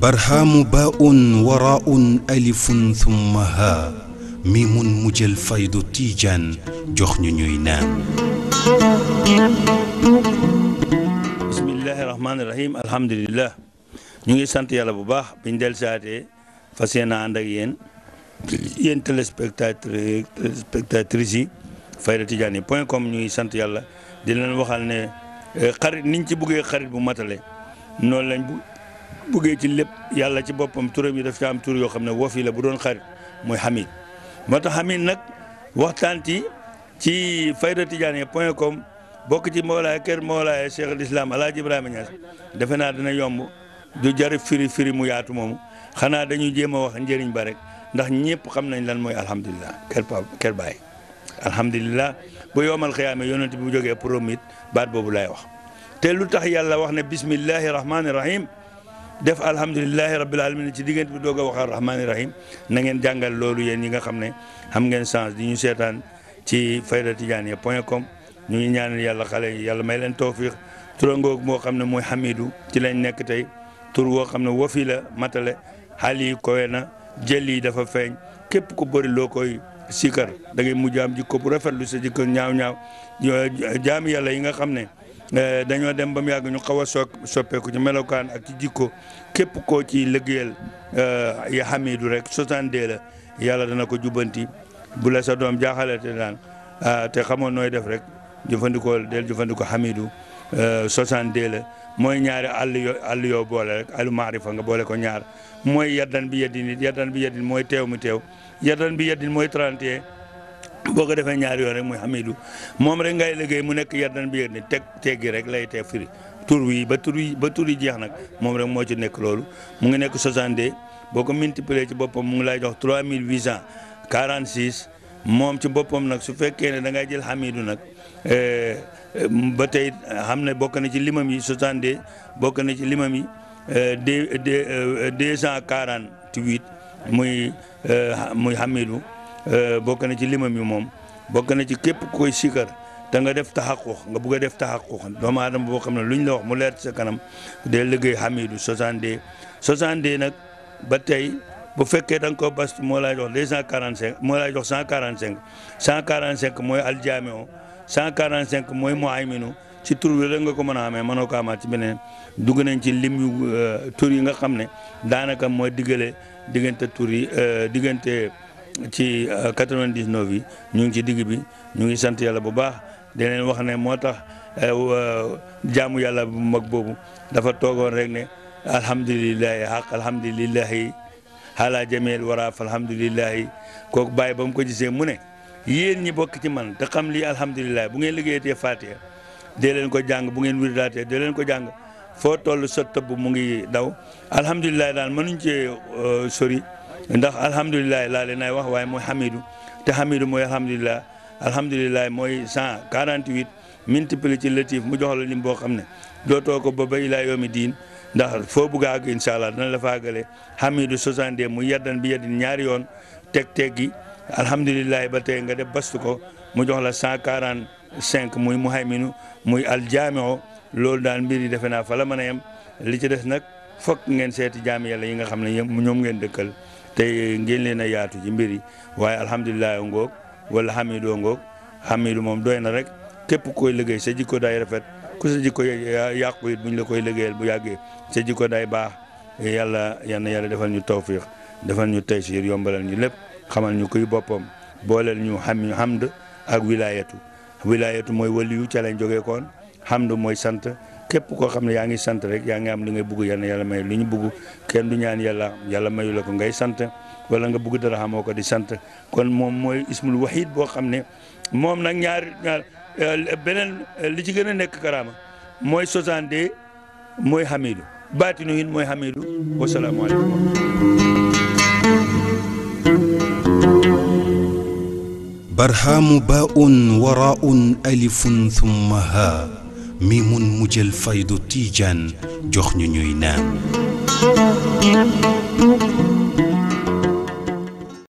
barhaamu baa'un waraa'un alifun thumma haa miimun mujjal faydu tiijaan jox ñu ñuy naan. bismillaahi rahmaani rahiim alhamdulilah ñu ngi sant yàlla bu baax biñ del saatee fas yéene ànd ak yéen yéen yi. fayda tidiane yi point com ñuy sant yàlla dina leen waxaal ne eh, xarit niñ ci buggee xarit bu matale noonu lañ bu buggee ci lépp yàlla ci boppam turam yi daf ci am tur yoo xam ne wof yi la bu doon xarit mooy Hamid moo tax Hamid nag waxtaan ti ci fayda tidiane yi point com bokk ci Mawlaay kër Mawlaay Cheikh al Islam El Hadj Ibrahima Niass defe naa dina yomb du jar firi firi mu yaatu moomu xanaa dañuy jéem a wax njëriñ ba rek ndax ñëpp xam nañ lan mooy alhamdulilah kër pa kër alhamdulillah bu yoomal xiyaame yonent bi bu jógee promit baat boobu laay wax te lu tax yàlla wax ne bismillahi rahmaani rahim def alhamdulilahi rabbil alamin ci diggante bi doog a waxal rahmaani rahim na ngeen jàngal loolu yéen ñi nga xam ne xam ngeen chance di ñu seetaan ci fayda tijaaniya point com ñu ngi ñaanal yàlla xale yi yàlla may leen tawfiq turangoog moo xam ne mooy Hamidou ci lañ nekk tey tur woo xam ne wofi la matale xaal yi kowe na jël yi dafa feeñ képp ku bëri loo koy sikar da ngay mujj am jikko bu rafetlu sa jikko ñaaw ñaaw jaam yàlla yi nga xam ne eh, dañoo dem ba mu yàgg ñu xaw a soog soppeeku ci melokaan ak ci jikko képp koo ci liggéeyal eh, ya xamidu rek soixante-deux la yàlla dana ko jubbanti bu la sa doom jaaxalate daan ah, te xamoon nooy def rek jëfandikoo del jëfandikoo xamidu Euh, de la mooy ñaari àll yo àll yoo boole rek àllu maarifa nga boole ko ñaar mooy yaddan bi yeddin it yaddan bi yeddin mooy teew mu teew yaddan bi yeddin mooy 31 boo ko defee ñaari yoon rek muy xamidu moom rek ngay liggéey mu nekk yaddan bi yeddin teg teggi rek lay teg firi tur wi ba tur yi ba tur jeex nag moom rek moo ci nekk loolu mu ngi nekk 62 boo ko multiplier ci boppam mu ngi lay jox 3846 moom ci boppam nag su fekkee ne da ngay jël xamidu nag Eh, ba tey xam ne bokk na ci limam yi soixante-deux bokk na ci limam yi eh, deux eh, deux cent quarante-huit muy muy Hamidou bokk na ci limam yi moom bokk na ci képp koy sikar te nga def taxaquq nga bugg a def taxaquq doomu aadama boo xam ne lu ñu la wax mu leer ci sa kanam day liggéey Hamidou soixante-deux nag ba tey bu fekkee da nga ko bas moo lay jox deux cent quarante-cinq moo lay jox cent quarante-cinq cent quarante-cinq mooy aljaameo 145 mooy mu ay minu ci tur bi nga ko mën a amee mënoo ko amaat ci dugg nañ ci lim yu euh, yi nga xam ne daanaka mooy diggale diggante tur yi euh, diggante ci 99 euh, yi ñu ngi ci digg bi ñu ngi sant yàlla bu baax di wax ne moo tax jaamu yàlla bu mag boobu dafa toogoon rek ne alhamdulilahi xaq alhamdulilahi xaalaa jameel waraaf alhamdulilahi kooku bàyyi ba mu ko gisee mu ne yéen ñi bokk ci man te xam lii alhamdulilah bu ngeen liggéeyatee Fatiha dee leen ko jàng bu ngeen wirdaatee dee leen ko jàng foo toll sot tëbb mu ngi daw alhamdulilah daal mënuñ cee euh, sori ndax alhamdulilah laa leen ay wax waaye mooy Hamidou te Hamidou mooy alhamdulilah alhamdulilah mooy 148 multiplié ci latif mu jox la lim boo xam ne dootoo ko ba ba ilaa yoomi diin ndax foo bugg a àgg incha allah dana la faagale Hamidou 62 mu yaddan bi yaddin ñaari yoon teg teg gi. alhamdulilah ba tey nga def bastu ko mu jox la cent quarante cinq muy muhayminu muy al aljaamio loolu daal mbir yi defe naa fa la mën a yem li ci des nag fokk ngeen seeti jaami yàlla yi nga xam ne ñoom ngeen dëkkal te ngeen leen a yaatu ci mbir yi waaye alhamdulilah ngoog wala Hamidou ngoog Hamidou moom doy na rek képp koy liggéey sa jikko day rafet ku sa jikko yàqu it ñu la koy liggéeyal bu yàggee sa jikko daay baax yàlla yan na yàlla defal ñu tawfiq defal ñu taysir yombalal ñu lépp. xamal ñu kuy boppam booleel ñu xam ñu hamd ak wilaayatu wilaayatu mooy waliyu ca joge jógee koon hamd mooy sant képp koo xam ne yaa ngi sant rek yaa ngi am li ngay bugg yal yàlla may lu ñu bugg kenn du ñaan yàlla yàlla mayu la ko ngay sant wala nga bugg dara xamoo ko di sant kon moom mooy ismul wahid boo xam ne moom nag ñaar ñaar eh, beneen eh, li ci gën a nekk karaama mooy sosande mooy hamidu baatinu hin mooy hamidu wasalaamaaleykum barhaamu baaun waraaun alifun thumma haa miimun mu jël faydu tiijaan jox ñu ñuy naan